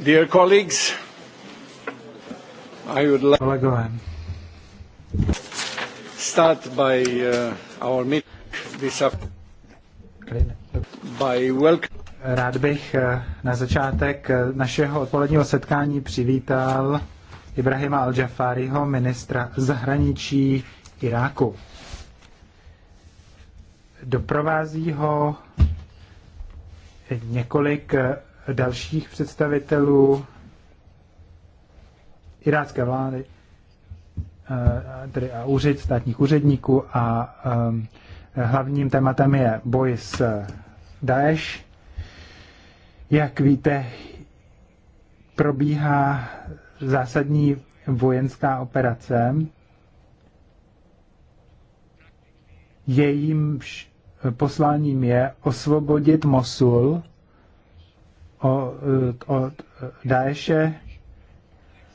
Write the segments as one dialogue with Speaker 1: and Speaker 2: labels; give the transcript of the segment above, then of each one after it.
Speaker 1: Dear colleagues, I would like Kolegové. start by uh, our meeting this afternoon. By welcome. Rád bych uh, na začátek uh, našeho odpoledního setkání přivítal Ibrahima al-Jafariho, ministra zahraničí Iráku. Doprovází ho několik uh, dalších představitelů irácké vlády, eh, tedy a úřad, státních úředníků a ehm, hlavním tématem je boj s Daesh. Jak víte, probíhá zásadní vojenská operace. Jejím posláním je osvobodit Mosul o, od Daeše.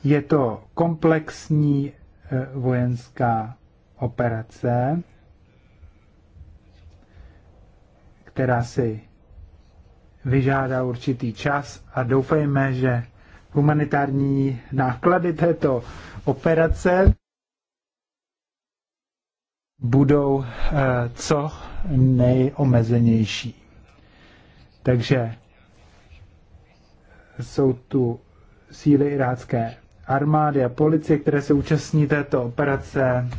Speaker 1: Je to komplexní e, vojenská operace, která si vyžádá určitý čas a doufejme, že humanitární náklady této operace budou e, co nejomezenější. Takže jsou tu síly irácké armády a policie, které se účastní této operace.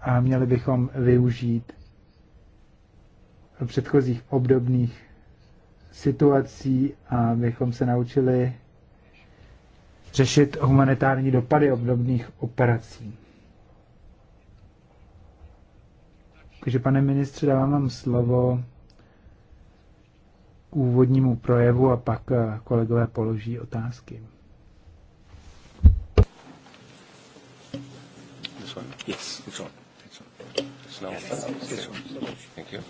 Speaker 1: A měli bychom využít předchozích obdobných situací, abychom se naučili řešit humanitární dopady obdobných operací. Takže pane ministře, dávám vám slovo k úvodnímu projevu a pak eh, kolegové položí otázky. Yes, it's on. It's on. It's now. Yes. It's on. Thank you.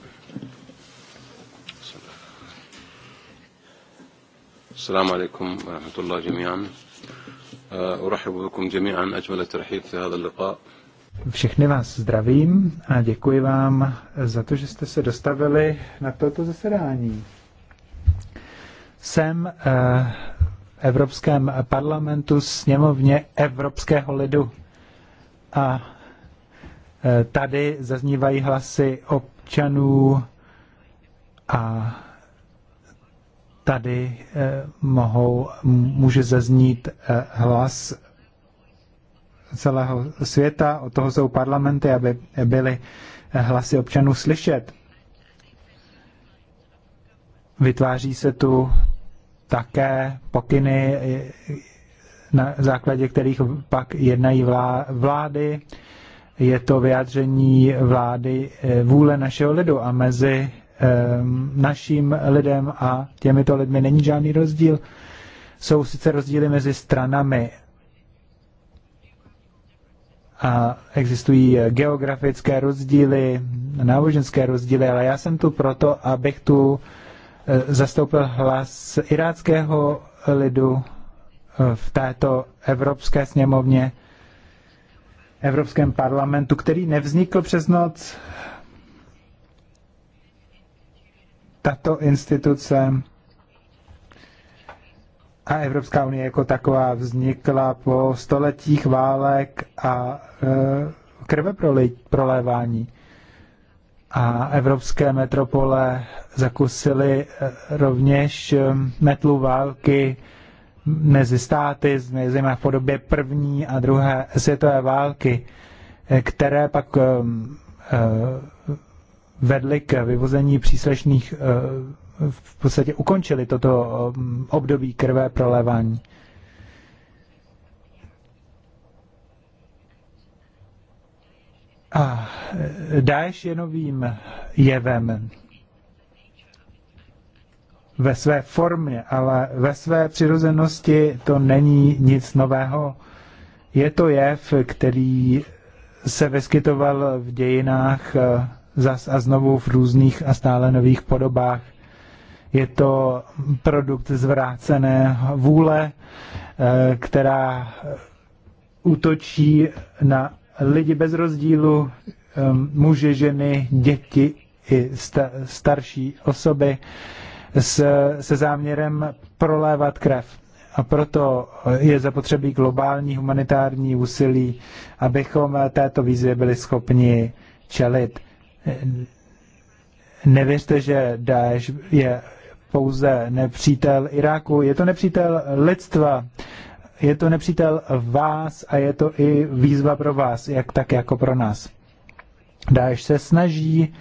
Speaker 1: السلام عليكم ورحمة الله جميعا أرحب بكم جميعا أجمل الترحيب في هذا اللقاء všechny vás zdravím a děkuji vám za to, že jste se dostavili na toto zasedání. Jsem eh, v Evropském parlamentu sněmovně Evropského lidu a eh, tady zaznívají hlasy občanů a tady eh, mohou, může zaznít hlas celého světa, od toho jsou parlamenty, aby byly hlasy občanů slyšet. Vytváří se tu také pokyny, na základě kterých pak jednají vlády. Je to vyjádření vlády eh, vůle našeho lidu a mezi ehm, naším lidem a těmito lidmi není žádný rozdíl. Jsou sice rozdíly mezi stranami, a existují eh, geografické rozdíly, náboženské rozdíly, ale já jsem tu proto, abych tu eh, zastoupil hlas iráckého lidu eh, v této Evropské sněmovně, Evropském parlamentu, který nevznikl přes noc. Tato instituce a Evropská unie jako taková vznikla po stoletích válek a e, krve prolévání. A evropské metropole zakusily e, rovněž e, metlu války mezi státy, zejména v podobě první a druhé světové války, e, které pak vedly k vyvození příslušných v podstatě ukončili toto um, období krvé prolévání. A eh, dáš je novým jevem ve své formě, ale ve své přirozenosti to není nic nového. Je to jev, který se vyskytoval v dějinách eh, zas a znovu v různých a stále nových podobách – je to produkt zvrácené vůle, eh, která útočí na lidi bez rozdílu, eh, muže, ženy, děti i starší osoby s, se záměrem prolévat krev. A proto je zapotřebí globální humanitární úsilí, abychom této výzvě byli schopni čelit. Nevěřte, že Daesh je pouze nepřítel Iráku, je to nepřítel lidstva, je to nepřítel vás a je to i výzva pro vás, jak tak jako pro nás. Dáš se snaží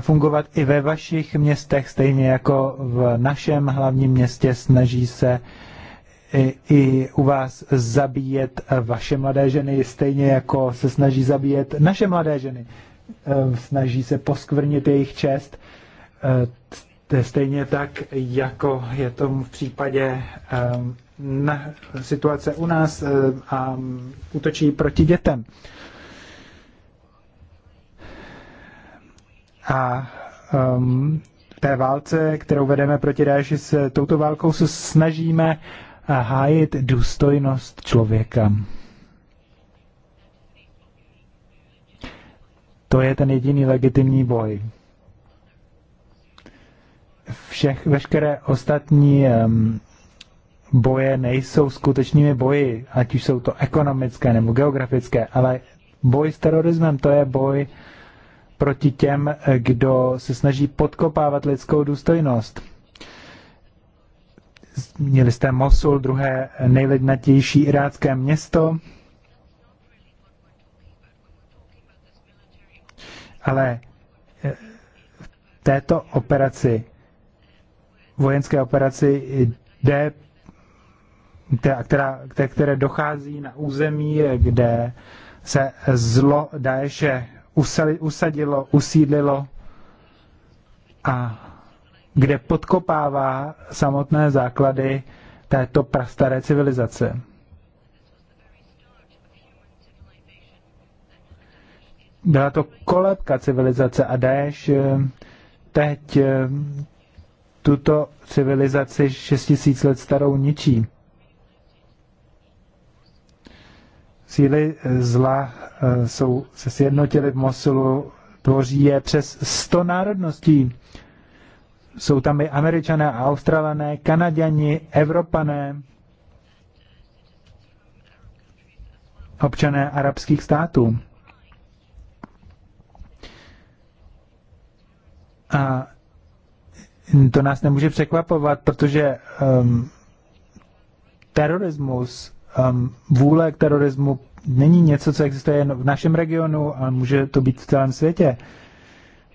Speaker 1: fungovat i ve vašich městech, stejně jako v našem hlavním městě snaží se i, i u vás zabíjet vaše mladé ženy, stejně jako se snaží zabíjet naše mladé ženy. Ehm, snaží se poskvrnit jejich čest ehm, to je stejně tak, jako je tomu v případě um, na, situace u nás um, a útočí proti dětem. A um, ehm, v té válce, kterou vedeme proti Dáši, s touto válkou se snažíme eh, hájit důstojnost člověka. To je ten jediný legitimní boj všech, veškeré ostatní um, boje nejsou skutečnými boji, ať už jsou to ekonomické nebo geografické, ale boj s terorismem to je boj proti těm, kdo se snaží podkopávat lidskou důstojnost. Měli jste Mosul, druhé nejlidnatější irácké město, ale eh, v této operaci vojenské operaci D, která, která, které dochází na území, kde se zlo Daeše usadilo, usídlilo a kde podkopává samotné základy této prastaré civilizace. Byla to kolebka civilizace a Daesh eh, teď eh, tuto civilizaci 6000 let starou ničí. Síly eh, zla eh, jsou, se sjednotily v Mosulu, tvoří je přes 100 národností. Jsou tam i američané a australané, kanaděni, evropané, občané arabských států. A to nás nemůže překvapovat, protože um, terorismus, um, vůle k terorismu není něco, co existuje jen v našem regionu, ale může to být v celém světě.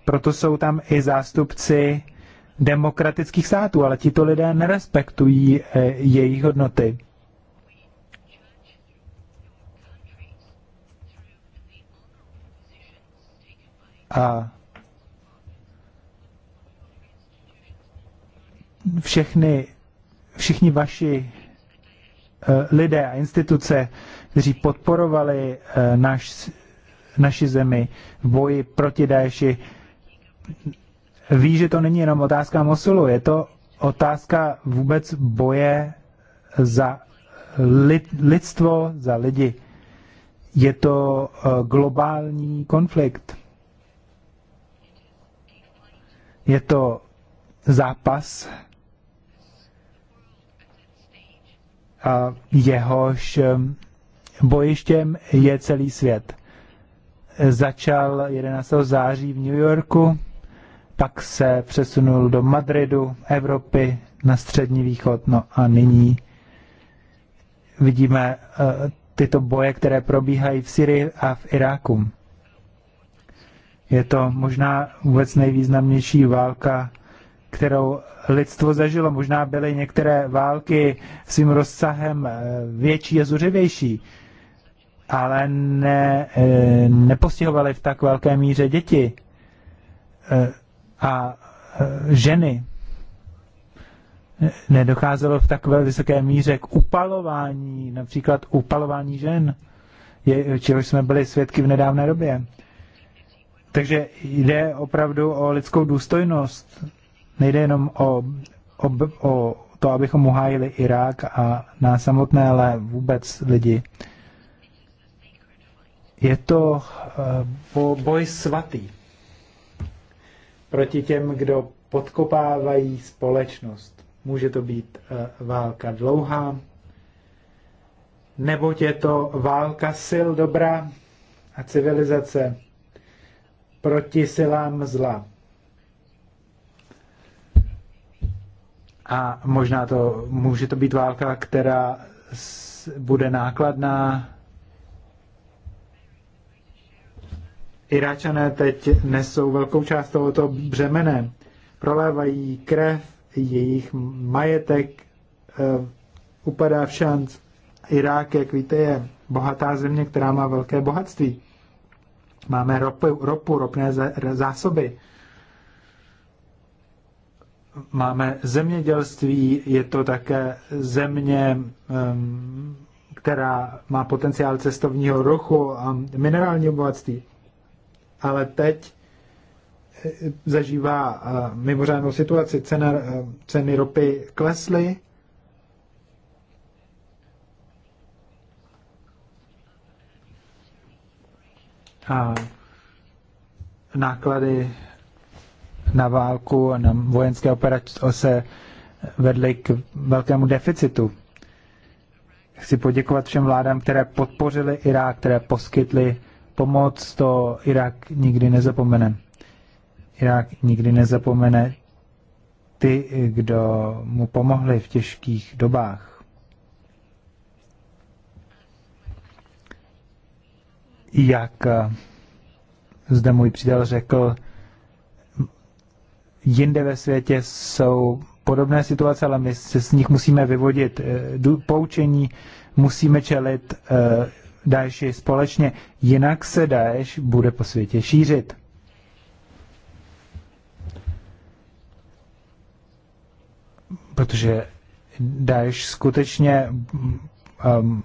Speaker 1: Proto jsou tam i zástupci demokratických států, ale tito lidé nerespektují e, jejich hodnoty. A všechny, všichni vaši eh, lidé a instituce, kteří podporovali eh, naš, naši zemi v boji proti Daeši, ví, že to není jenom otázka Mosulu, je to otázka vůbec boje za lid, lidstvo, za lidi. Je to eh, globální konflikt. Je to zápas jehož ehm, bojištěm je celý svět. Začal 11. září v New Yorku, pak se přesunul do Madridu, Evropy, na Střední východ, no a nyní vidíme eh, tyto boje, které probíhají v Syrii a v Iráku. Je to možná vůbec nejvýznamnější válka kterou lidstvo zažilo. Možná byly některé války svým rozsahem eh, větší a zuřivější, ale ne, eh, nepostihovaly v tak velké míře děti eh, a ženy. Nedocházelo v takové vysoké míře k upalování, například upalování žen, čehož jsme byli svědky v nedávné době. Takže jde opravdu o lidskou důstojnost Nejde jenom o, o, o to, abychom uhájili Irák a nás samotné, ale vůbec lidi. Je to eh, bo, boj svatý proti těm, kdo podkopávají společnost. Může to být eh, válka dlouhá, nebo je to válka sil dobra a civilizace proti silám zla. A možná to může to být válka, která bude nákladná. Iráčané teď nesou velkou část tohoto břemene. Prolévají krev, jejich majetek uh, upadá v šanc. Irák, jak víte, je bohatá země, která má velké bohatství. Máme ropu, ropu ropné zásoby máme zemědělství, je to také země, která má potenciál cestovního ruchu a minerální bohatství. Ale teď eh, zažívá eh, mimořádnou situaci. Cena, eh, ceny ropy klesly. A náklady na válku a na vojenské operace vedly k velkému deficitu. Chci poděkovat všem vládám, které podpořily Irák, které poskytly pomoc, to Irák nikdy nezapomene. Irák nikdy nezapomene ty, kdo mu pomohli v těžkých dobách. Jak eh, zde můj přítel řekl, jinde ve světě jsou podobné situace, ale my se z nich musíme vyvodit eh, poučení, musíme čelit eh, Daeši společně, jinak se Daeš bude po světě šířit. Protože Daeš skutečně um,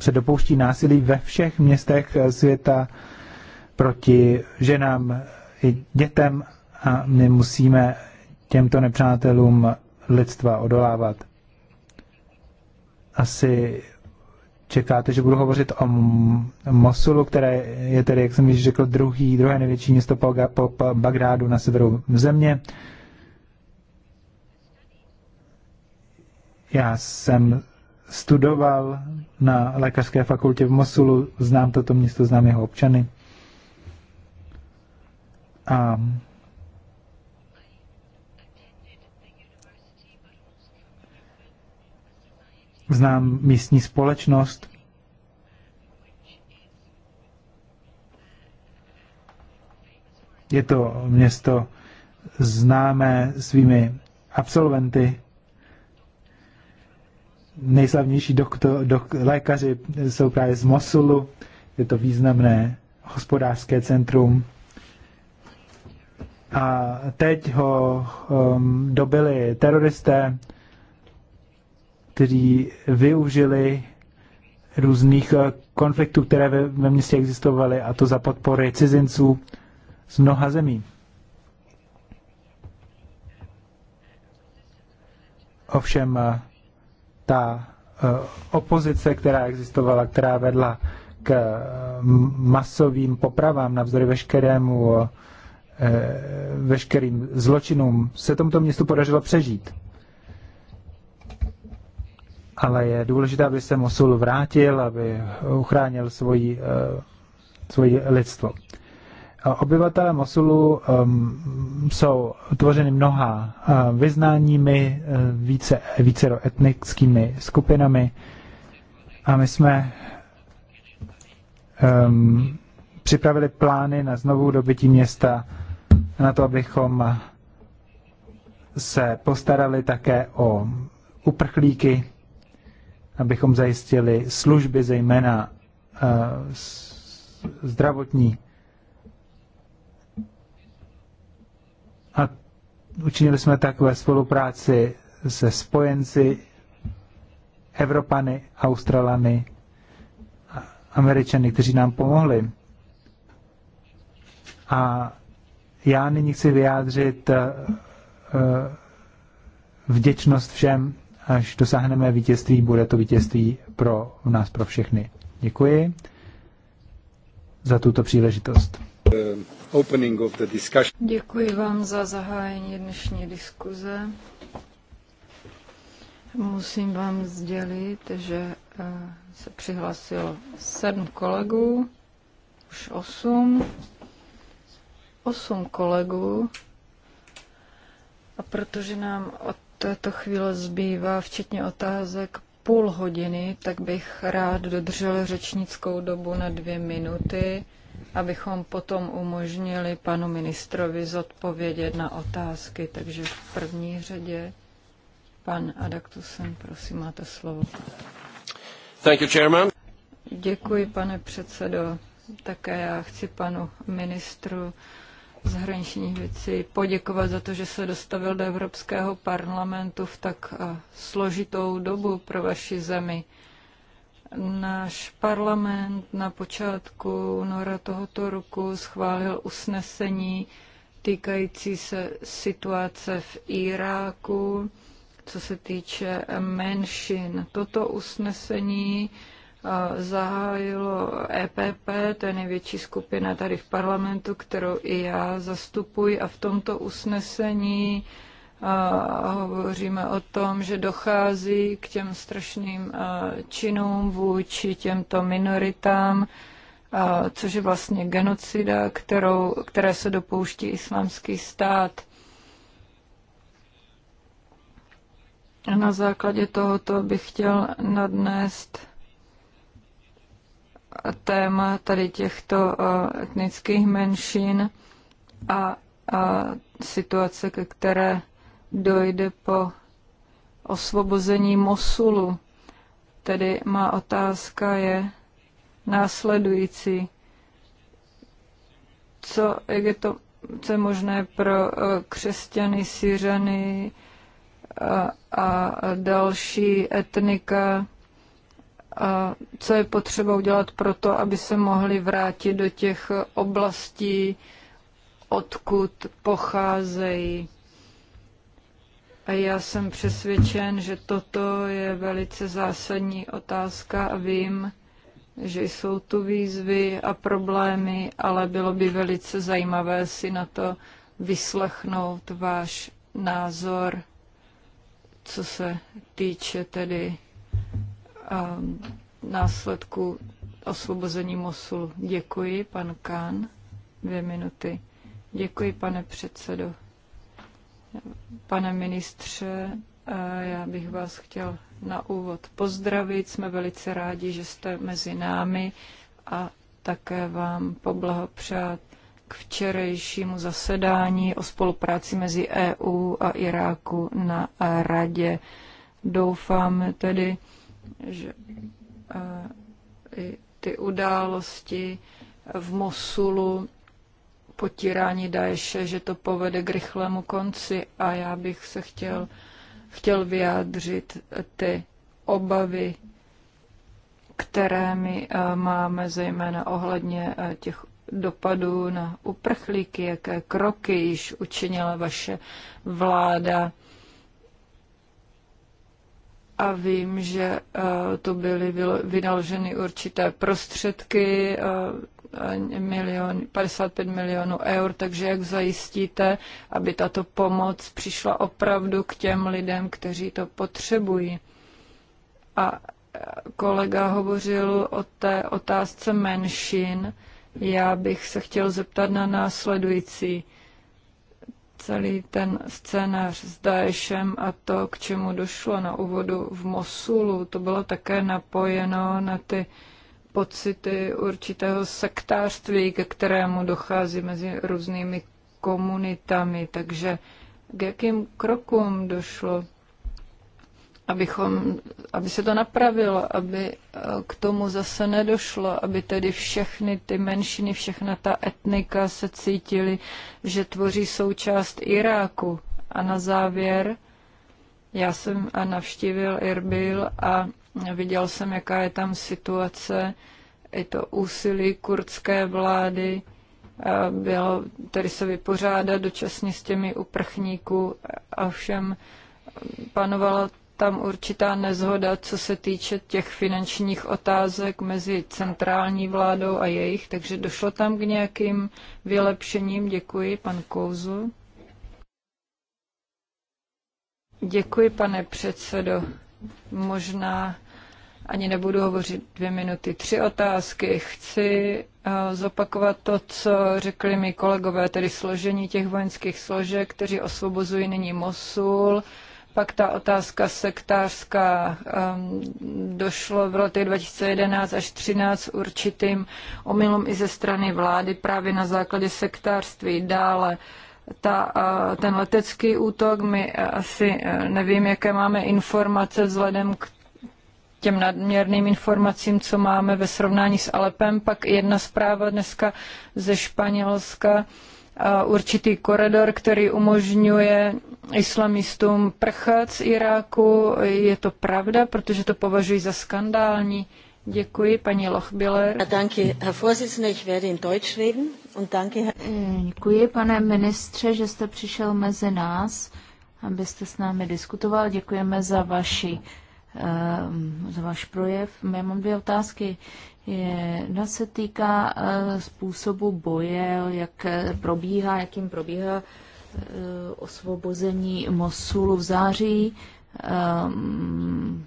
Speaker 1: se dopouští násilí ve všech městech eh, světa proti ženám i dětem a my musíme těmto nepřátelům lidstva odolávat. Asi čekáte, že budu hovořit o Mosulu, které je tedy, jak jsem již řekl, druhý, druhé největší město po, po, po Bagrádu na severu země. Já jsem studoval na lékařské fakultě v Mosulu, znám toto město, znám jeho občany. A znám místní společnost, Je to město známé svými absolventy, nejslavnější doktor, dok, lékaři jsou právě z Mosulu, je to významné hospodářské centrum. A teď ho um, dobili teroristé, kteří využili různých eh, konfliktů, které ve, ve městě existovaly, a to za podpory cizinců z mnoha zemí. Ovšem eh, ta eh, opozice, která existovala, která vedla k masovým popravám navzdory veškerému veškerým zločinům, se tomuto městu podařilo přežít ale je důležité, aby se Mosul vrátil, aby uchránil svoji, eh, svoji lidstvo. Obyvatelé Mosulu um, jsou tvořeny mnoha eh, vyznáními, uh, více, více etnickými skupinami a my jsme um, připravili plány na znovu dobytí města, na to, abychom se postarali také o uprchlíky, abychom zajistili služby, zejména eh, zdravotní. A učinili jsme tak ve spolupráci se spojenci Evropany, Australany, Američany, kteří nám pomohli. A já nyní chci vyjádřit eh, eh, vděčnost všem, až dosáhneme vítězství, bude to vítězství pro nás, pro všechny. Děkuji za tuto příležitost.
Speaker 2: Děkuji vám za zahájení dnešní diskuze. Musím vám sdělit, že eh, se přihlásilo sedm kolegů, už osm, osm kolegů, a protože nám od této chvíle zbývá, včetně otázek, půl hodiny, tak bych rád dodržel řečnickou dobu na dvě minuty, abychom potom umožnili panu ministrovi zodpovědět na otázky. Takže v první řadě pan Adaktusen, prosím, máte slovo. Thank you, chairman. Děkuji, pane předsedo. Také já chci panu ministru zahraničních věcí poděkovat za to, že se dostavil do Evropského parlamentu v tak eh, složitou dobu pro vaši zemi. Náš parlament na počátku února tohoto roku schválil usnesení týkající se situace v Iráku, co se týče menšin. Toto usnesení uh, zahájilo EPP, to je největší skupina tady v parlamentu, kterou i já zastupuji a v tomto usnesení a hovoříme o tom, že dochází k těm strašným činům vůči těmto minoritám, což je vlastně genocida, kterou, které se dopouští islámský stát. na základě tohoto bych chtěl nadnést téma tady těchto eh, etnických menšin a, a situace, ke které dojde po osvobození Mosulu. Tedy má otázka je následující. Co je, to, co je možné pro eh, křesťany, syřany eh, a, a další etnika, co je potřeba udělat pro to, aby se mohli vrátit do těch oblastí, odkud pocházejí. A já jsem přesvědčen, že toto je velice zásadní otázka a vím, že jsou tu výzvy a problémy, ale bylo by velice zajímavé si na to vyslechnout váš názor, co se týče tedy následku osvobození Mosulu. Děkuji, pan Kán. Dvě minuty. Děkuji, pane předsedo. Pane ministře, já bych vás chtěl na úvod pozdravit. Jsme velice rádi, že jste mezi námi a také vám poblahopřát k včerejšímu zasedání o spolupráci mezi EU a Iráku na radě. Doufám tedy, že i ty události v Mosulu, potírání Daeše, že to povede k rychlému konci a já bych se chtěl, chtěl vyjádřit ty obavy, které my máme, zejména ohledně těch dopadů na uprchlíky, jaké kroky již učinila vaše vláda a vím, že eh, to byly vynaloženy určité prostředky, eh, milion, 55 milionů eur, takže jak zajistíte, aby tato pomoc přišla opravdu k těm lidem, kteří to potřebují. A eh, kolega hovořil o té otázce menšin. Já bych se chtěl zeptat na následující celý ten scénář s Daešem a to, k čemu došlo na úvodu v Mosulu, to bylo také napojeno na ty pocity určitého sektářství, ke kterému dochází mezi různými komunitami. Takže k jakým krokům došlo? abychom, aby se to napravilo, aby eh, k tomu zase nedošlo, aby tedy všechny ty menšiny, všechna ta etnika se cítili, že tvoří součást Iráku. A na závěr, já jsem a navštívil Irbil a viděl jsem, jaká je tam situace, i to úsilí kurdské vlády eh, bylo tedy se vypořádat dočasně s těmi uprchníků, a všem panovala tam určitá nezhoda, co se týče těch finančních otázek mezi centrální vládou a jejich, takže došlo tam k nějakým vylepšením. Děkuji, pan Kouzu. Děkuji, pane předsedo. Možná ani nebudu hovořit dvě minuty. Tři otázky. Chci eh, zopakovat to, co řekli mi kolegové, tedy složení těch vojenských složek, kteří osvobozují nyní Mosul pak ta otázka sektářská. Um, došlo v letech 2011 až 2013 určitým omylům i ze strany vlády právě na základě sektářství. Dále ta, ten letecký útok, my asi e, nevím, jaké máme informace vzhledem k těm nadměrným informacím, co máme ve srovnání s Alepem. Pak jedna zpráva dneska ze Španělska Eh, určitý koridor, který umožňuje islamistům prchat z Iráku. Je to pravda, protože to považuji za skandální. Děkuji, paní Lochbiller. Eh,
Speaker 3: děkuji, pane ministře, že jste přišel mezi nás, abyste s námi diskutoval. Děkujeme za vaši eh, za váš projev. Já mám dvě otázky je, no se týká eh, způsobu boje, jak probíhá, jakým probíhá eh, osvobození Mosulu v září, eh,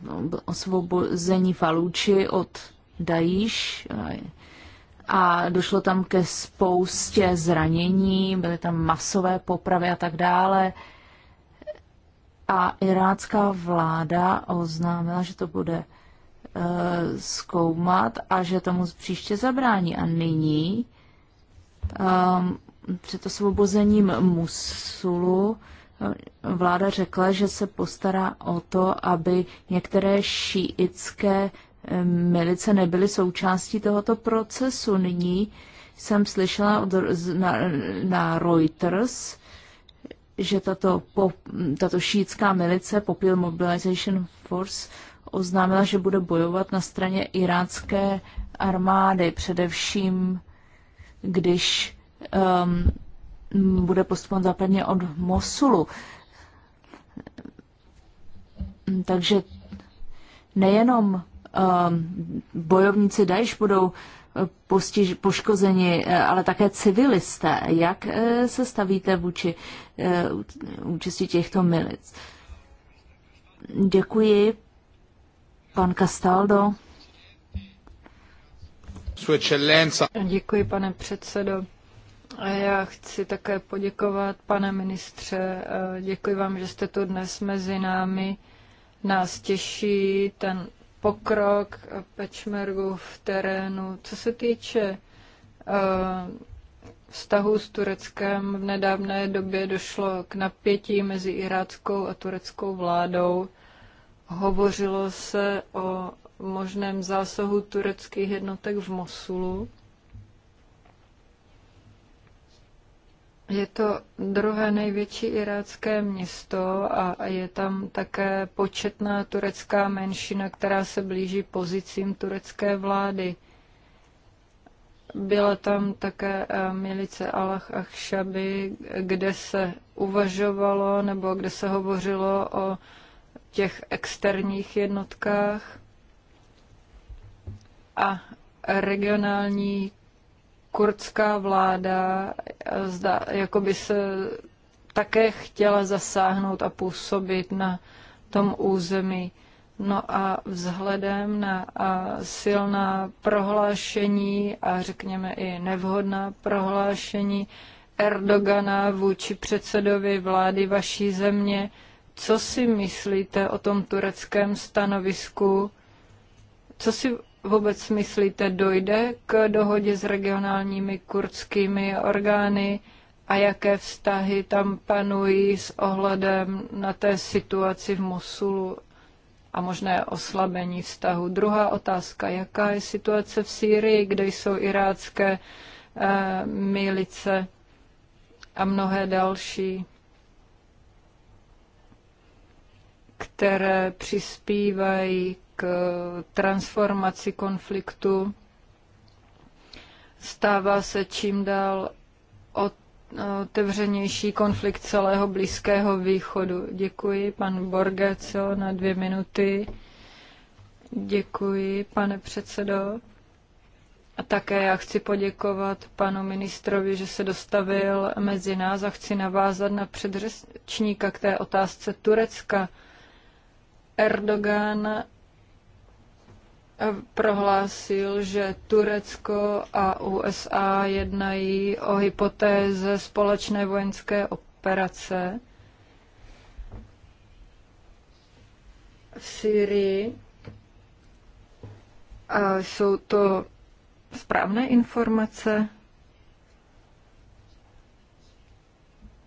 Speaker 3: no, osvobození Faluči od Dajíš a došlo tam ke spoustě zranění, byly tam masové popravy a tak dále. A irácká vláda oznámila, že to bude Eh, zkoumat a že tomu příště zabrání. A nyní um, před osvobozením Musulu eh, vláda řekla, že se postará o to, aby některé šíitské eh, milice nebyly součástí tohoto procesu. Nyní jsem slyšela od, na, na Reuters, že tato, po, tato šítská milice Popil Mobilization Force oznámila, že bude bojovat na straně irácké armády, především když um, bude postupovat západně od Mosulu. Takže nejenom um, bojovníci Daesh budou postiž, poškozeni, eh, ale také civilisté. Jak eh, se stavíte vůči účasti eh, těchto milic? Děkuji. Pan Castaldo.
Speaker 2: Děkuji, pane předsedo. Já chci také poděkovat, pane ministře. Děkuji vám, že jste tu dnes mezi námi. Nás těší ten pokrok Pečmergu v terénu. Co se týče vztahu s Tureckem, v nedávné době došlo k napětí mezi iráckou a tureckou vládou. Hovořilo se o možném zásahu tureckých jednotek v Mosulu. Je to druhé největší irácké město a je tam také početná turecká menšina, která se blíží pozicím turecké vlády. Byla tam také eh, milice Allah Achshabi, kde se uvažovalo nebo kde se hovořilo o těch externích jednotkách a regionální kurdská vláda zda, jako by se také chtěla zasáhnout a působit na tom území. No a vzhledem na silná prohlášení a řekněme i nevhodná prohlášení Erdogana vůči předsedovi vlády vaší země, co si myslíte o tom tureckém stanovisku? Co si vůbec myslíte, dojde k dohodě s regionálními kurdskými orgány a jaké vztahy tam panují s ohledem na té situaci v Mosulu a možné oslabení vztahu. Druhá otázka, jaká je situace v Sýrii, kde jsou irácké eh, milice a mnohé další. které přispívají k transformaci konfliktu. Stává se čím dál otevřenější konflikt celého Blízkého východu. Děkuji, pan Borgeco, na dvě minuty. Děkuji, pane předsedo. A také já chci poděkovat panu ministrovi, že se dostavil mezi nás a chci navázat na předřečníka k té otázce Turecka. Erdogan eh, prohlásil, že Turecko a USA jednají o hypotéze společné vojenské operace v Syrii. A jsou to správné informace?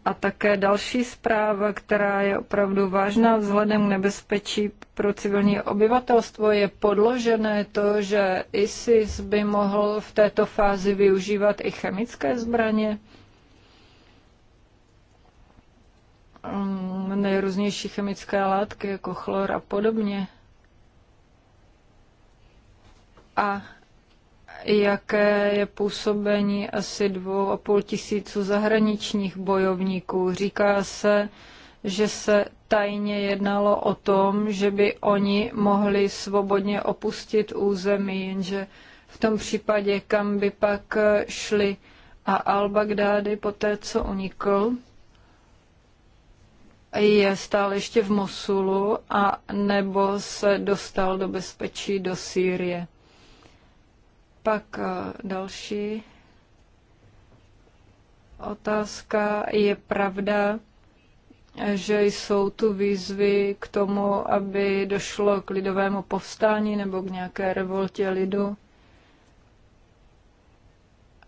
Speaker 2: a také další zpráva, která je opravdu vážná vzhledem k nebezpečí pro civilní obyvatelstvo, je podložené to, že ISIS by mohl v této fázi využívat i chemické zbraně, mm, nejrůznější chemické látky jako chlor a podobně. A jaké je působení asi dvou a půl tisíců zahraničních bojovníků. Říká se, že se tajně jednalo o tom, že by oni mohli svobodně opustit území, jenže v tom případě, kam by pak šli a Al-Baghdadi té, co unikl, je stále ještě v Mosulu a nebo se dostal do bezpečí do Sýrie. Pak eh, další otázka. Je pravda, že jsou tu výzvy k tomu, aby došlo k lidovému povstání nebo k nějaké revoltě lidu?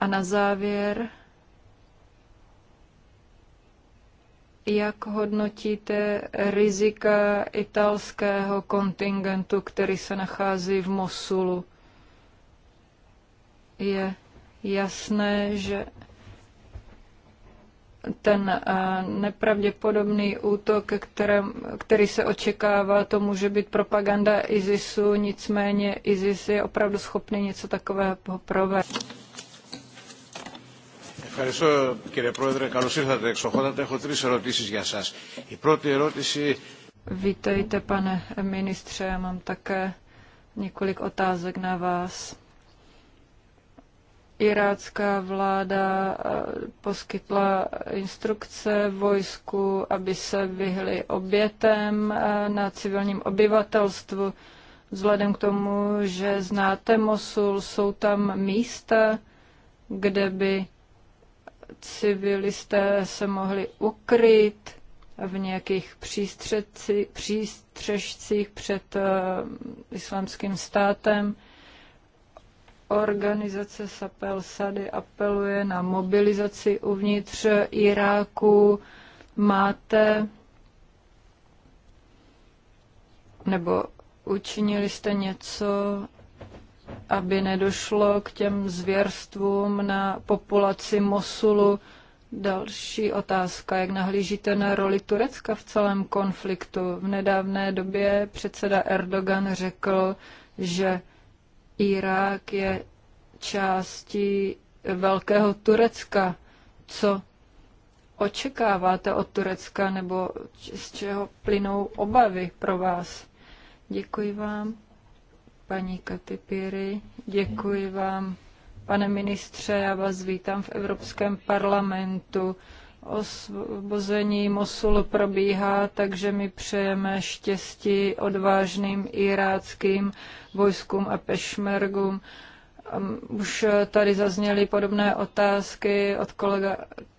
Speaker 2: A na závěr, jak hodnotíte rizika italského kontingentu, který se nachází v Mosulu? je jasné, že ten eh, nepravděpodobný útok, kterém, který se očekává, to může být propaganda ISISu, nicméně ISIS je opravdu schopný něco takového provést.
Speaker 1: Ευχαριστώ κύριε Πρόεδρε. Καλώς ήρθατε εξοχότατε. Έχω τρεις ερωτήσεις για σας. Η πρώτη ερώτηση...
Speaker 2: Vítejte, pane ministře, já mám také několik otázek na vás irácká vláda eh, poskytla instrukce vojsku, aby se vyhli obětem eh, na civilním obyvatelstvu. Vzhledem k tomu, že znáte Mosul, jsou tam místa, kde by civilisté se mohli ukryt v nějakých přístřežcích před uh, islámským státem. Organizace Sapel Sady apeluje na mobilizaci uvnitř Iráku. Máte nebo učinili jste něco, aby nedošlo k těm zvěrstvům na populaci Mosulu? Další otázka. Jak nahlížíte na roli Turecka v celém konfliktu? V nedávné době předseda Erdogan řekl, že Irák je částí Velkého Turecka. Co očekáváte od Turecka nebo z čeho plynou obavy pro vás? Děkuji vám, paní Katypiry. Děkuji vám, pane ministře. Já vás vítám v Evropském parlamentu osvobození Mosul probíhá, takže my přejeme štěstí odvážným iráckým vojskům a pešmergům. Už tady zazněly podobné otázky od kolega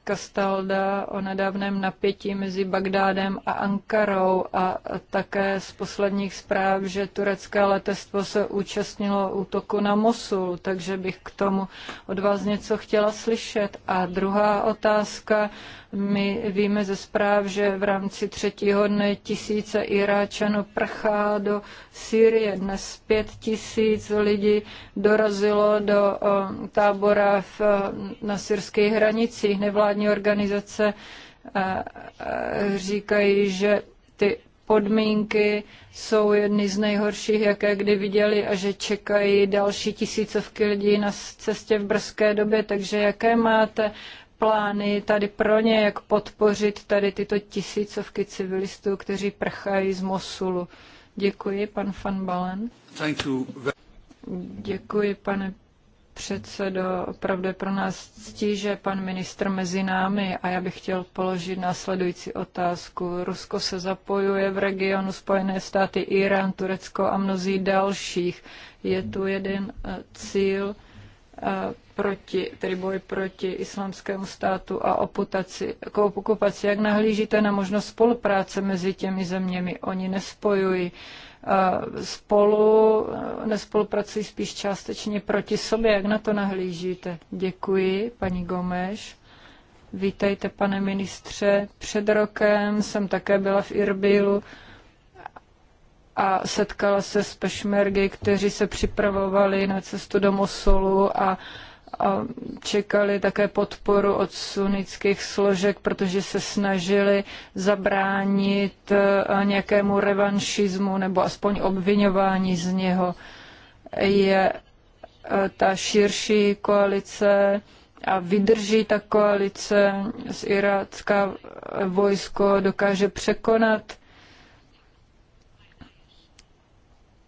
Speaker 2: Kastalda o nedávném napětí mezi Bagdádem a Ankarou a také z posledních zpráv, že turecké letectvo se účastnilo útoku na Mosul, takže bych k tomu od vás něco chtěla slyšet. A druhá otázka, my víme ze zpráv, že v rámci třetího dne tisíce Iráčanů prchá do Sýrie. Dnes pět tisíc lidí dorazilo do tábora v, na syrských hranicích. Nevládní nevládní organizace říkají, že ty podmínky jsou jedny z nejhorších, jaké kdy viděli a že čekají další tisícovky lidí na cestě v brzké době, takže jaké máte plány tady pro ně, jak podpořit tady tyto tisícovky civilistů, kteří prchají z Mosulu. Děkuji, pan Van Balen. Děkuji, pane předsedo. Opravdu je pro nás ctí, že pan ministr mezi námi a já bych chtěl položit následující otázku. Rusko se zapojuje v regionu Spojené státy, Irán, Turecko a mnozí dalších. Je tu jeden eh, cíl eh, proti, tedy boj proti islamskému státu a oputaci, k okupaci. Jak nahlížíte na možnost spolupráce mezi těmi zeměmi? Oni nespojují Eh, spolu, eh, nespolupracují spíš částečně proti sobě. Jak na to nahlížíte? Děkuji, paní Gomeš. Vítejte, pane ministře. Před rokem jsem také byla v Irbilu a setkala se s pešmergy, kteří se připravovali na cestu do Mosulu a a čekali také podporu od sunnických složek, protože se snažili zabránit e, nějakému revanšismu nebo aspoň obvinování z něho. Je e, ta širší koalice a vydrží ta koalice z irácká vojsko, dokáže překonat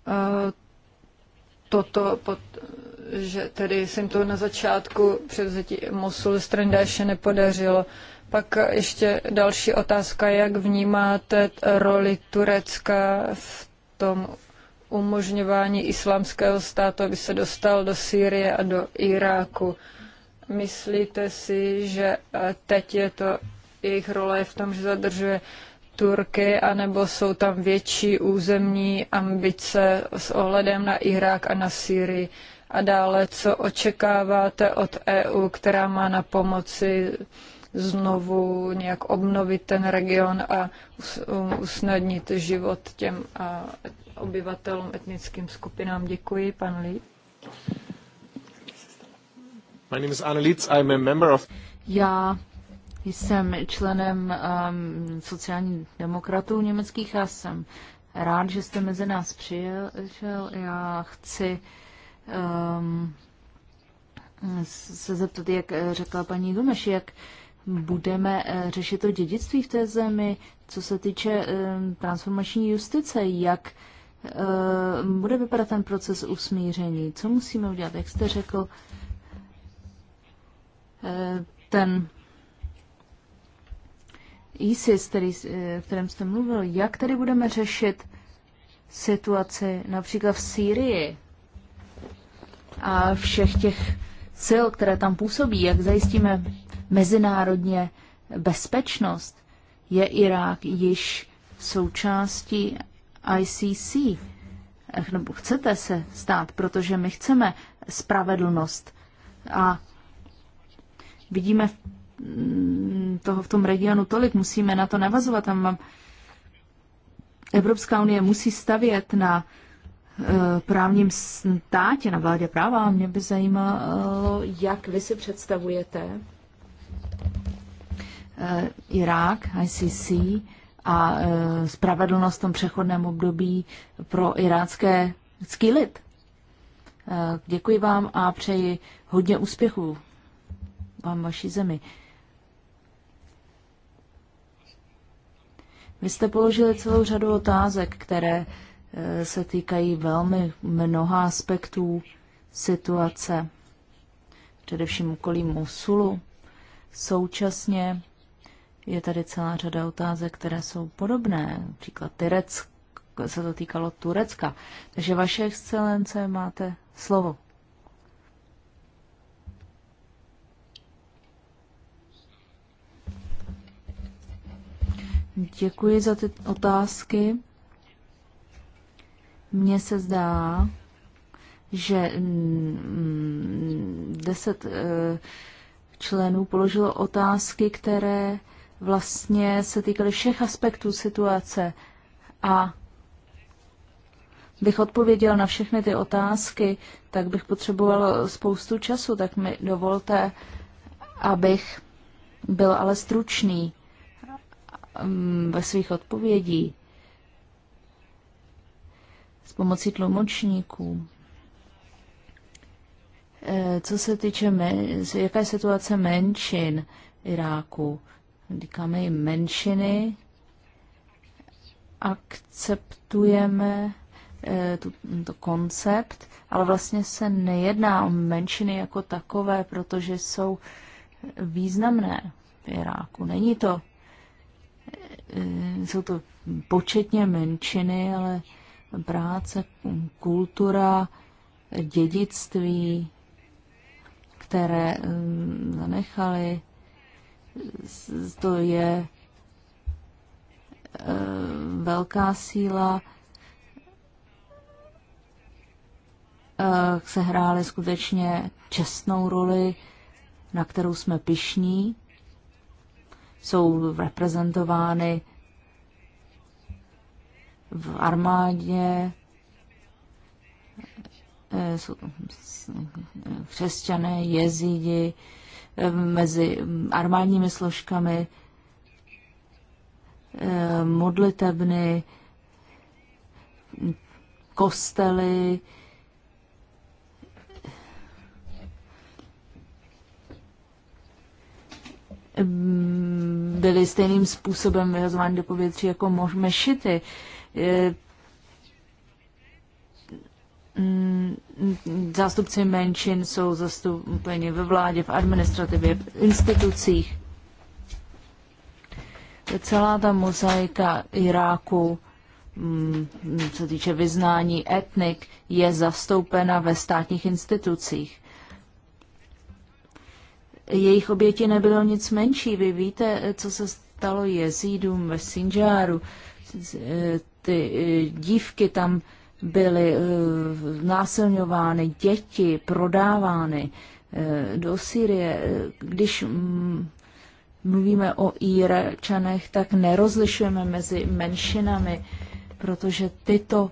Speaker 2: e, toto pod, že tedy jsem to na začátku převzetí Mosul ze strany Daeše nepodařilo. Pak ještě další otázka, jak vnímáte roli Turecka v tom umožňování islámského státu, aby se dostal do Sýrie a do Iráku. Myslíte si, že teď je to jejich role v tom, že zadržuje Turky, anebo jsou tam větší územní ambice s ohledem na Irák a na Sýrii? A dále, co očekáváte od EU, která má na pomoci znovu nějak obnovit ten region a um, usnadnit život těm obyvatelům, etnickým skupinám. Děkuji, pan Lee.
Speaker 1: My name is Anna I'm a member of...
Speaker 3: Já jsem členem um, sociálních demokratů německých a jsem rád, že jste mezi nás přijel. Já chci uh, um, se zeptat, jak eh, řekla paní Gomeš, jak budeme eh, řešit to dědictví v té zemi, co se týče um, transformační justice, jak um, bude vypadat ten proces usmíření, co musíme udělat, jak jste řekl, eh, ten ISIS, který, o kterém jste mluvil, jak tady budeme řešit situaci například v Sýrii, a všech těch sil, které tam působí, jak zajistíme mezinárodně bezpečnost, je Irák již součástí ICC. Nebo chcete se stát, protože my chceme spravedlnost. A vidíme mm, toho v tom regionu tolik, musíme na to navazovat. Tam mám Evropská unie musí stavět na Eh, právním státě, na vládě práva. Mě by zajímalo, jak vy si představujete eh, Irák, ICC a eh, spravedlnost v tom přechodném období pro irácké lid. Děkuji vám a přeji hodně úspěchů vám vaší zemi. Vy jste položili celou řadu otázek, které Eh, se týkají velmi mnoha aspektů situace, především okolí Mosulu. Současně je tady celá řada otázek, které jsou podobné, například Turecka se to týkalo Turecka. Takže vaše excelence, máte slovo. Děkuji za ty otázky. Mně se zdá, že mm, deset eh, členů položilo otázky, které vlastně se týkaly všech aspektů situace a bych odpověděl na všechny ty otázky, tak bych potřeboval spoustu času, tak mi dovolte, abych byl ale stručný mm, ve svých odpovědích s pomocí tlumočníků. Eh, co se týče, jaká je situace menšin Iráku? Říkáme jim menšiny, akceptujeme eh, tu, to koncept, ale vlastně se nejedná o menšiny jako takové, protože jsou významné v Iráku. Není to, eh, jsou to početně menšiny, ale práce, kultura, dědictví, které mm, zanechali. To je e, velká síla. E, sehráli skutečně čestnou roli, na kterou jsme pišní. Jsou reprezentovány v armádě, eh, křesťané, jezidi, eh, mezi armádními složkami, eh, modlitebny, kostely, byly stejným způsobem vyhazovány do povětří jako mešity. Uh, Eh, mm, zástupci menšin jsou zastoupeni ve vládě, v administrativě, v institucích. Celá ta mozaika Iráku, mm, co týče vyznání etnik, je zastoupena ve státních institucích. Jejich oběti nebylo nic menší. Vy víte, co se stalo jezídům ve Sinjaru. Eh, ty e, dívky tam byly e, násilňovány, děti prodávány e, do Syrie. Když mluvíme o iračanech, tak nerozlišujeme mezi menšinami, protože tyto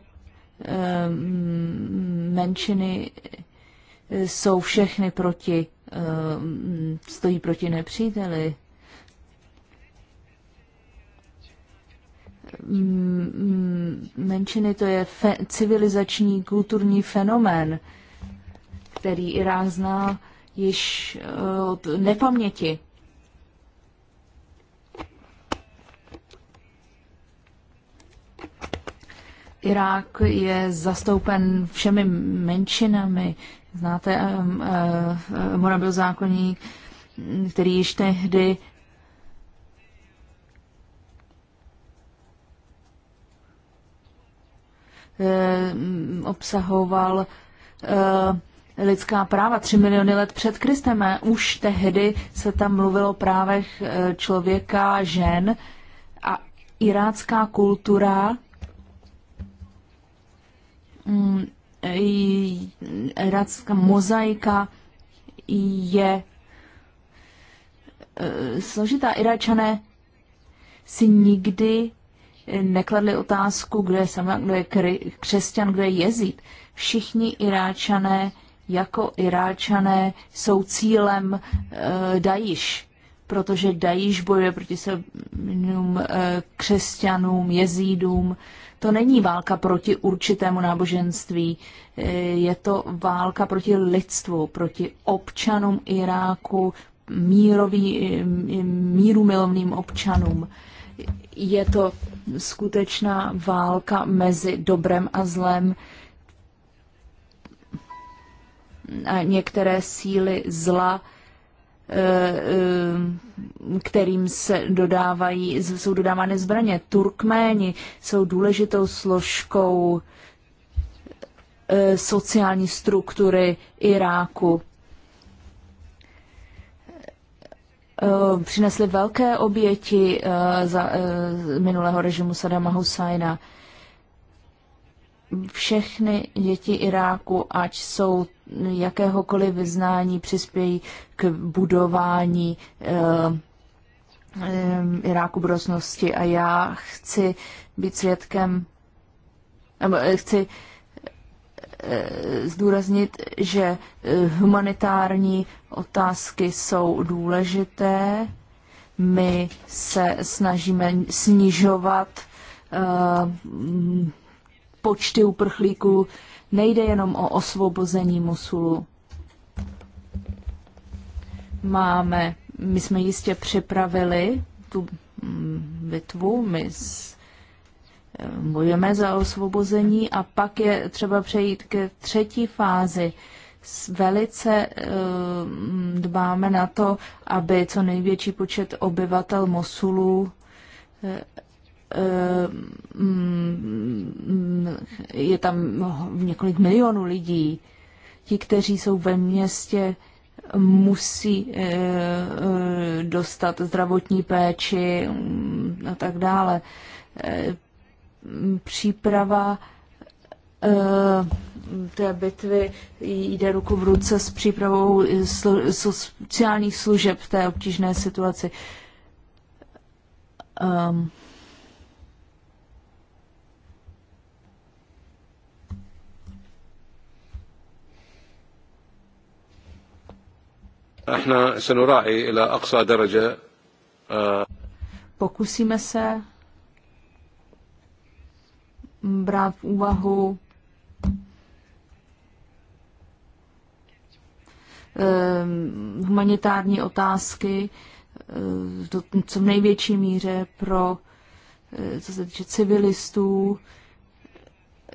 Speaker 3: menšiny jsou všechny proti, stojí proti nepříteli. Mm, mm, menšiny, to je fe, civilizační kulturní fenomén, který Irán zná již eh, od nepaměti. Irák je zastoupen všemi menšinami. Znáte um, uh, Morabil zákonník, který již tehdy Eh, obsahoval eh, lidská práva tři miliony let před Kristem. A už tehdy se tam mluvilo o právech eh, člověka, žen a irácká kultura mm, irácká mozaika je složitá. Iráčané si nikdy nekladli otázku, kdo je, sama, kdo je křesťan, kdo je jezid. Všichni Iráčané jako Iráčané jsou cílem e, Dajíš, protože Dajíš bojuje proti se e, eh, křesťanům, jezídům. To není válka proti určitému náboženství, e, je to válka proti lidstvu, proti občanům Iráku, mírový, míru milovným občanům. E, je to skutečná válka mezi dobrem a zlem. A některé síly zla, eh, eh, kterým se dodávají, jsou dodávány zbraně. Turkméni jsou důležitou složkou eh, sociální struktury Iráku Eh, přinesly velké oběti eh, za eh, minulého režimu Sadama Husajna. Všechny děti Iráku, ať jsou jakéhokoliv vyznání, přispějí k budování Iráku budoucnosti a já chci být svědkem, nebo chci Eh, zdůraznit, že eh, humanitární otázky jsou důležité. My se snažíme snižovat eh, počty uprchlíků. Nejde jenom o osvobození Musulu. Máme, my jsme jistě připravili tu mm, bitvu, my s, bojujeme za osvobození a pak je třeba přejít ke třetí fázi. Velice eh, dbáme na to, aby co největší počet obyvatel Mosulu eh, eh, je tam několik milionů lidí. Ti, kteří jsou ve městě, musí dostat zdravotní péči mm, a tak dále příprava eh, té bitvy jde ruku v ruce s přípravou sociálních služeb v té obtížné situaci. Um, Pokusíme se brát v úvahu ehm, humanitární otázky do, ehm, co v největší míře pro, eh, co se týče civilistů,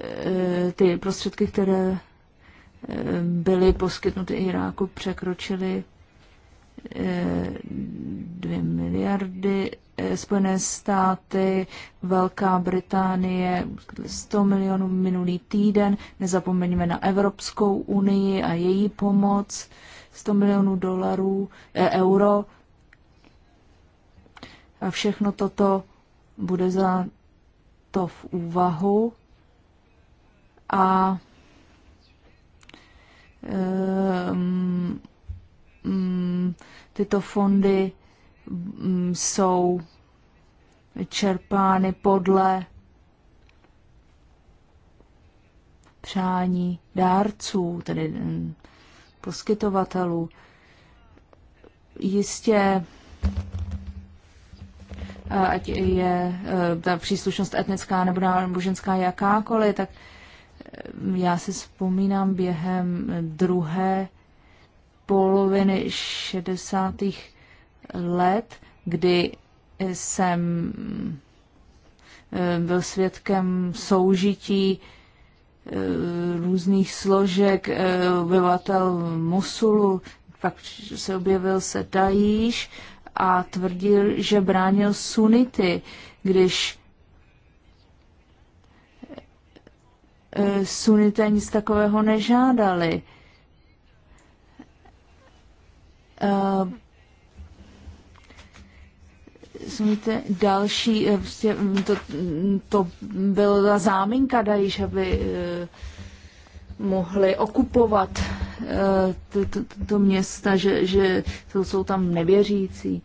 Speaker 3: eh, ty prostředky, které ehm, byly poskytnuty Iráku, překročily 2 miliardy, eh, Spojené státy, Velká Británie, 100 milionů minulý týden, nezapomeňme na Evropskou unii a její pomoc, 100 milionů dolarů, e, euro. A všechno toto bude za to v úvahu. A um, tyto fondy mm, jsou čerpány podle přání dárců, tedy mm, poskytovatelů. Jistě eh, ať je eh, ta příslušnost etnická nebo náboženská jakákoliv, tak eh, já si vzpomínám během druhé poloviny 60. let, kdy jsem eh, byl svědkem soužití eh, různých složek eh, obyvatel Mosulu, pak se objevil se Dajíš a tvrdil, že bránil sunity, když sunité nic takového nežádali. Uh, eh, Smíte další, eh, prostě, mm, to, mm, to byla záminka Dajiš, aby uh, mohli okupovat uh, to, to, to města, že, že to jsou tam nevěřící.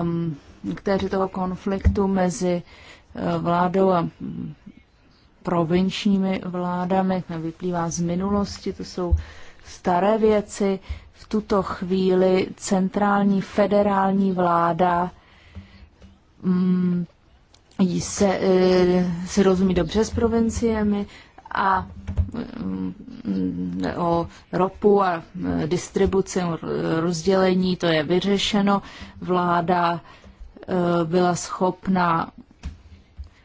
Speaker 3: Um, kteří toho konfliktu mezi eh, vládou a mm, provinčními vládami, vyplývá z minulosti, to jsou staré věci. V tuto chvíli centrální federální vláda mm, se, eh, se rozumí dobře s provinciemi a mm, o ropu a distribuci, rozdělení, to je vyřešeno. Vláda Eh, byla schopna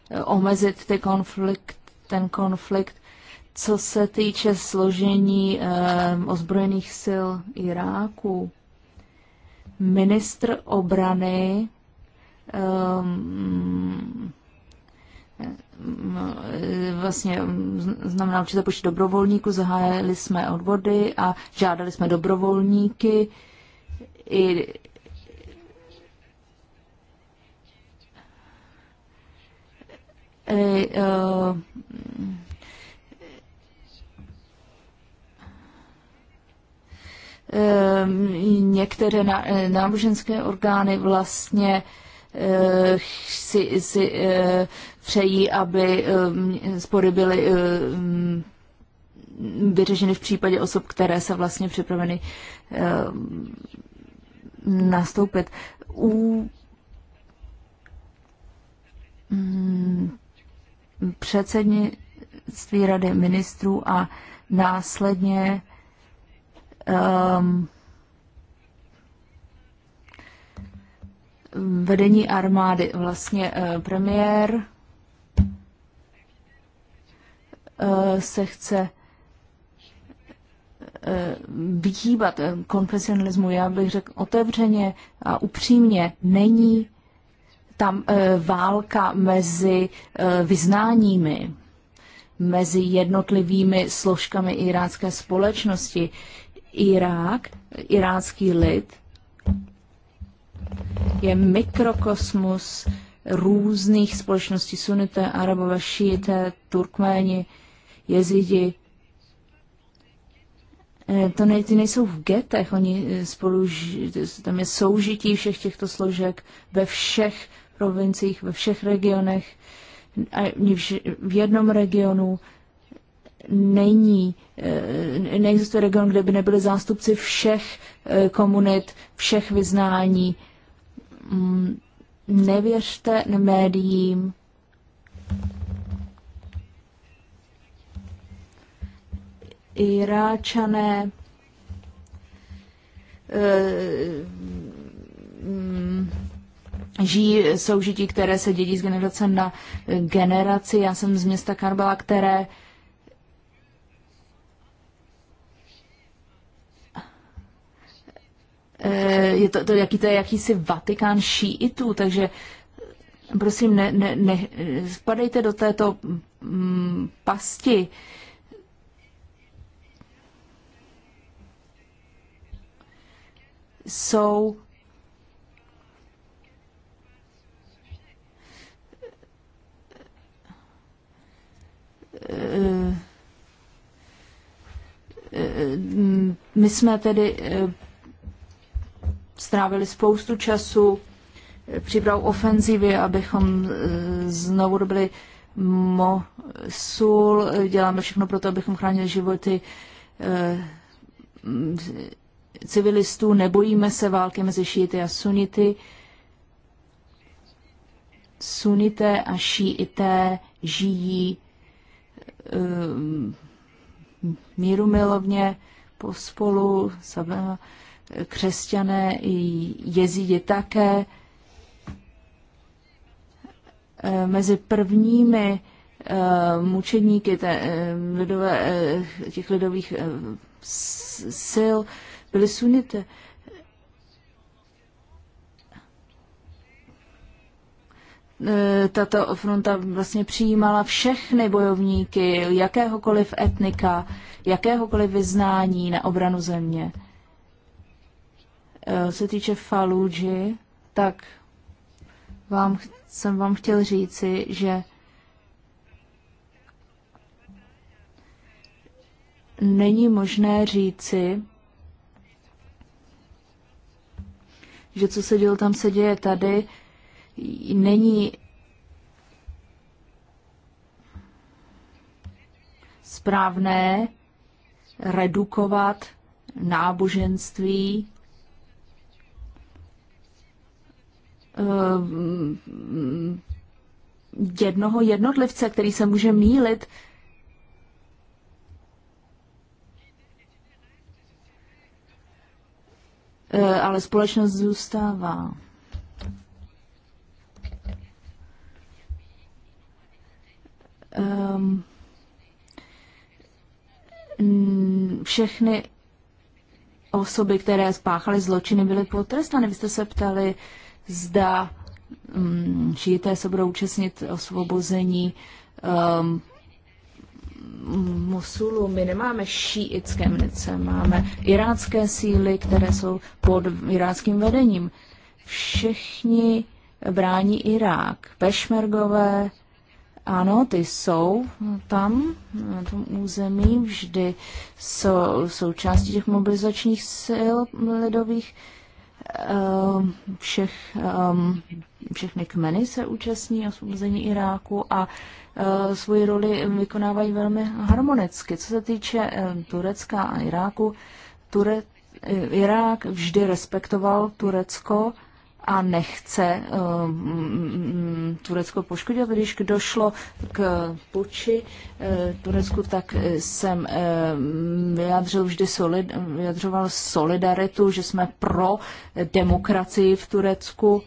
Speaker 3: eh, omezit ty konflikt, ten konflikt. Co se týče složení eh, ozbrojených sil Iráku, ministr obrany mm, vlastně mm, znamená určitě počet dobrovolníků, zahájili jsme odvody a žádali jsme dobrovolníky i Eh, eh, eh, některé náboženské orgány vlastně si, si přejí, aby spory byly mm, vyřešeny v případě osob, které se vlastně připraveny nastoupit. U mm, předsednictví Rady ministrů a následně um, vedení armády, vlastně uh, premiér uh, se chce eh, vyhýbat konfesionalismu, já bych řekl otevřeně a upřímně, není tam eh, válka mezi eh, vyznáními, mezi jednotlivými složkami irácké společnosti. Irák, irácký lid, je mikrokosmus různých společností sunité, arabové, šíité, turkméni, jezidi. Eh, to ne, ty nejsou v getech, oni spolu, tam je soužití všech těchto složek ve všech provinciích, ve všech regionech, v jednom regionu není, eh, neexistuje region, kde by nebyly zástupci všech eh, komunit, všech vyznání. Mm, nevěřte médiím. Iráčané eh, mm, žijí soužití, které se dědí z generace na generaci. Já jsem z města Karbala, které eh, je to, to, jaký, to je jakýsi Vatikán šíitů, takže prosím, ne, ne, ne, spadejte do této mm, pasti. Jsou my jsme tedy eh, strávili spoustu času eh, příprav ofenzivy, abychom eh, znovu dobili Mosul. Děláme všechno pro to, abychom chránili životy civilistů. Nebojíme se války mezi šíity a sunity. Sunité a šíité žijí Eh, míru milovně pospolu, eh, křesťané i jezidi také. Eh, mezi prvními uh, těch lidových sil byly sunité. E, tato fronta vlastně přijímala všechny bojovníky jakéhokoliv etnika, jakéhokoliv vyznání na obranu země. E, co se týče Faluji, tak vám, jsem vám chtěl říci, že není možné říci, že co se dělo tam, se děje tady není správné redukovat náboženství eh, jednoho jednotlivce, který se může mílit. Eh, ale společnost zůstává. um, všechny osoby, které spáchaly zločiny, byly potrestány. Vy jste se ptali, zda um, mm, žijete se budou účastnit osvobození um, ehm, Mosulu. My nemáme šíitské mnice, máme irácké síly, které jsou pod iráckým vedením. Všichni brání Irák. Pešmergové, ano, ty jsou tam, na tom území, vždy jsou součástí těch mobilizačních sil lidových. Ehm, všech, ehm, všechny kmeny se účastní osvobození Iráku a eh, svoji roli vykonávají velmi harmonicky. Co se týče eh, Turecka a Iráku, Ture, eh, Irák vždy respektoval Turecko a nechce eh, mm, mm, Turecko poškodit. Když došlo k puči eh, Turecku, tak eh, jsem vyjadřil vždy solid, vyjadřoval solidaritu, že jsme pro demokracii v Turecku.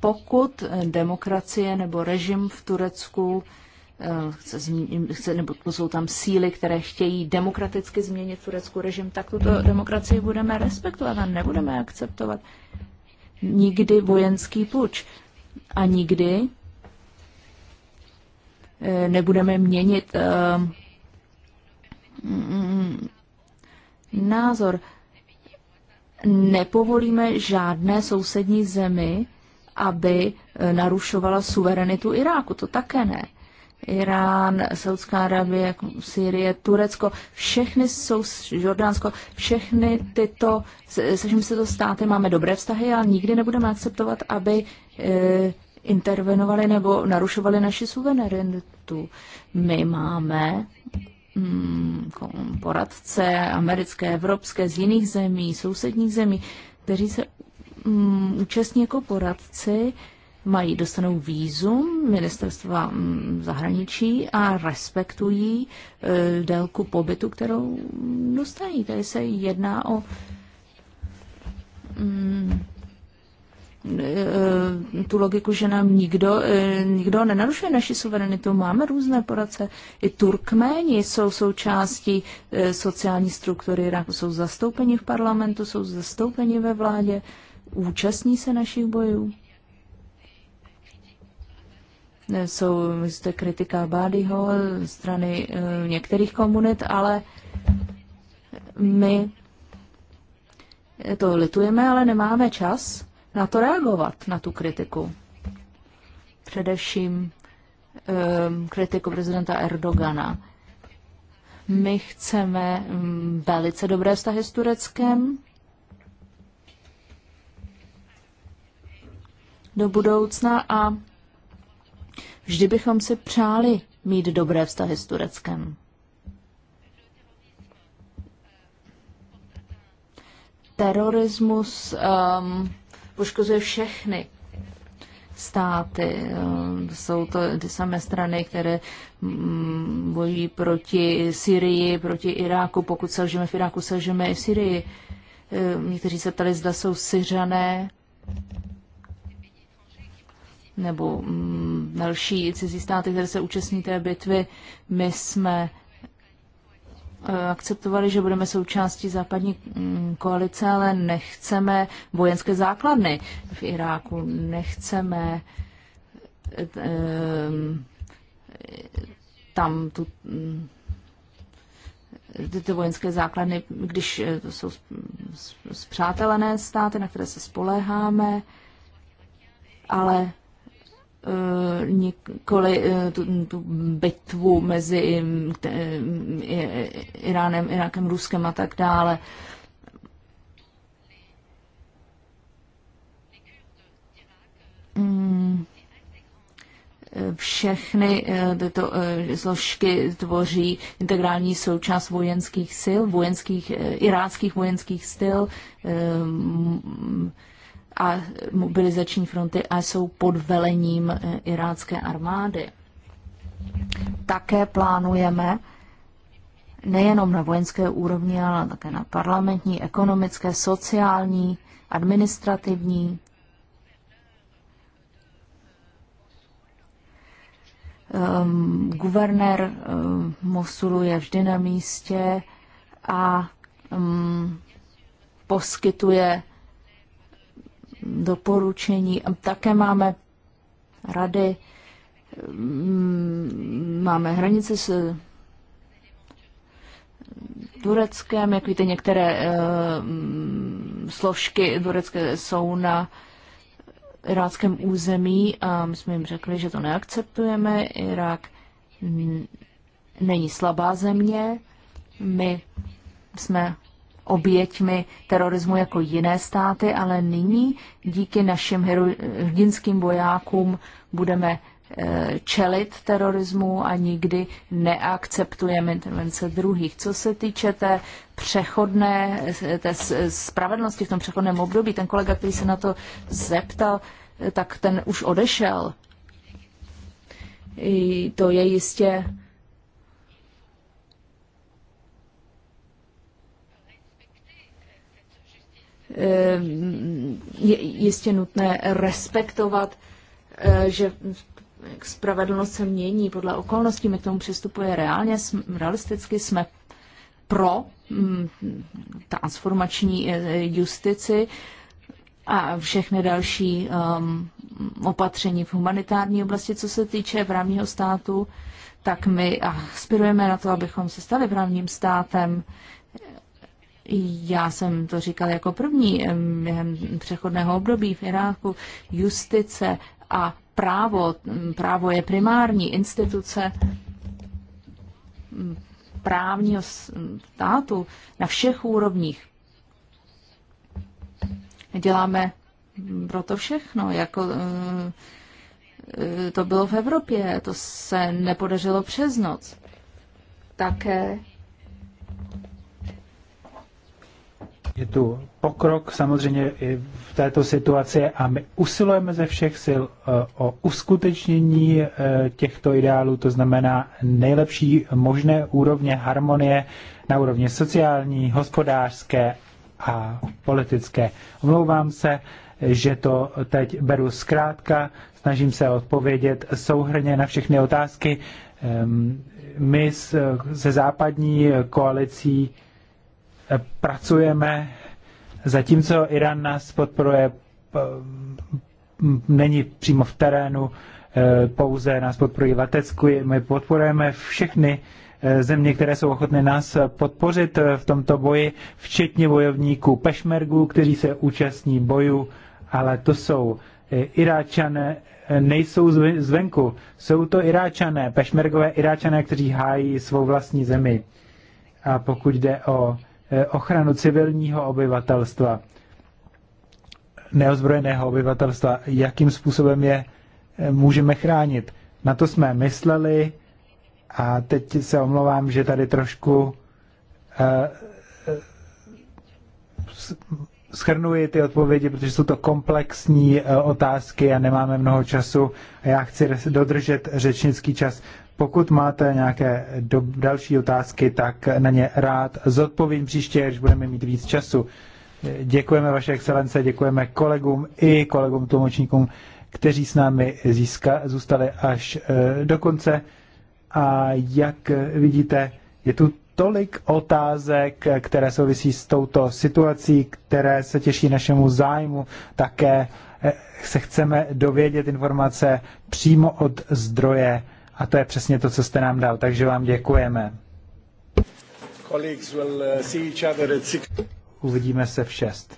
Speaker 3: Pokud demokracie nebo režim v Turecku Eh, chce změnit, chce, nebo to jsou tam síly, které chtějí demokraticky změnit turecký režim, tak tuto demokracii budeme respektovat a nebudeme akceptovat nikdy vojenský puč a nikdy eh, nebudeme měnit eh, mm, názor. Nepovolíme žádné sousední zemi, aby narušovala suverenitu Iráku. To také ne. Irán, Saudská Arabie, Syrie, Turecko, všechny jsou, Jordánsko, všechny tyto, se se tyto státy máme dobré vztahy a nikdy nebudeme akceptovat, aby e, intervenovali nebo narušovali naši suverenitu. My máme mm, poradce americké, evropské, z jiných zemí, sousedních zemí, kteří se mm, účastní jako poradci, e, mají, dostanou výzum ministerstva mm, zahraničí a respektují e, délku pobytu, kterou dostají. Tady se jedná o mm, e, e, tu logiku, že nám nikdo, e, nikdo nenarušuje naši suverenitu. Máme různé poradce. I Turkméni jsou součástí e, sociální struktury Jsou zastoupeni v parlamentu, jsou zastoupeni ve vládě, účastní se našich bojů jsou jste kritika Bádyho strany eh, některých komunit, ale my to litujeme, ale nemáme čas na to reagovat, na tu kritiku. Především eh, kritiku prezidenta Erdogana. My chceme mm, velice dobré vztahy s Tureckem do budoucna a Vždy bychom si přáli mít dobré vztahy s Tureckem. Terorismus um, poškozuje všechny státy. Um, jsou to ty samé strany, které mm, bojí proti Syrii, proti Iráku. Pokud selžeme v Iráku, selžeme i v Syrii. Um, někteří se ptali, zda jsou Syřané nebo mm, další cizí státy, které se účastní té bitvy. My jsme eh, akceptovali, že budeme součástí západní mm, koalice, ale nechceme vojenské základny v Iráku, nechceme eh, tam tu, mm, tyto vojenské základny, když eh, to jsou zpřátelené státy, na které se spoléháme, ale Eh, nikoli eh, tu, tu bitvu mezi Iránem, Irákem, Ruskem a tak dále. Mm. Všechny eh, tyto složky tvoří integrální součást vojenských sil, vojenských, iráckých vojenských styl a mobilizační fronty a jsou pod velením eh, irácké armády. Také plánujeme nejenom na vojenské úrovni, ale také na parlamentní, ekonomické, sociální, administrativní, um, guvernér um, Mosulu je vždy na místě a um, poskytuje doporučení. Také máme rady, mm, máme hranice s eh, Tureckem, jak víte, některé uh, složky turecké jsou na iráckém území a my jsme jim řekli, že to neakceptujeme. Irák není slabá země. My jsme oběťmi terorismu jako jiné státy, ale nyní díky našim hrdinským vojákům budeme e, čelit terorismu a nikdy neakceptujeme intervence druhých. Co se týče té přechodné e, té spravedlnosti v tom přechodném období, ten kolega, který se na to zeptal, e, tak ten už odešel. I to je jistě Eh, je jistě nutné respektovat, eh, že spravedlnost se mění podle okolností, my k tomu přistupuje reálně, realisticky jsme pro mm, transformační eh, justici a všechny další ehm, opatření v humanitární oblasti, co se týče právního státu, tak my aspirujeme na to, abychom se stali právním státem. Já jsem to říkal jako první během přechodného období v Iráku. Justice a právo, právo je primární instituce právního státu na všech úrovních. Děláme proto všechno, jako e, to bylo v Evropě, to se nepodařilo přes noc. Také
Speaker 1: Je tu pokrok samozřejmě i v této situaci a my usilujeme ze všech sil eh, o uskutečnění eh, těchto ideálů, to znamená nejlepší možné úrovně harmonie na úrovni sociální, hospodářské a politické. Omlouvám se, že to teď beru zkrátka, snažím se odpovědět souhrně na všechny otázky. Ehm, my se západní koalicí pracujeme, zatímco Irán nás podporuje, eh, není přímo v terénu, eh, pouze nás podporují Letecku, my podporujeme všechny eh, země, které jsou ochotné nás podpořit v tomto boji, včetně bojovníků Pešmergů, kteří se účastní bojů, ale to jsou Iráčané, nejsou zvenku, jsou to Iráčané, Pešmergové Iráčané, kteří hájí svou vlastní zemi. A pokud jde o Eh, ochranu civilního obyvatelstva, neozbrojeného obyvatelstva, jakým způsobem je eh, můžeme chránit. Na to jsme mysleli a teď se omlouvám, že tady trošku eh, schrnuji ty odpovědi, protože jsou to komplexní otázky a nemáme mnoho času a já chci dodržet řečnický čas. Pokud máte nějaké do, další otázky, tak na ně rád zodpovím příště, když budeme mít víc času. Děkujeme vaše excelence, děkujeme kolegům i kolegům tlumočníkům, kteří s námi získa, zůstali až e, do konce. A jak vidíte, je tu tolik otázek, které souvisí s touto situací, které se těší našemu zájmu. Také e, se chceme dovědět informace přímo od zdroje a to je přesně to, co jste nám dal, takže vám děkujeme. Uh, Uvidíme se v šest.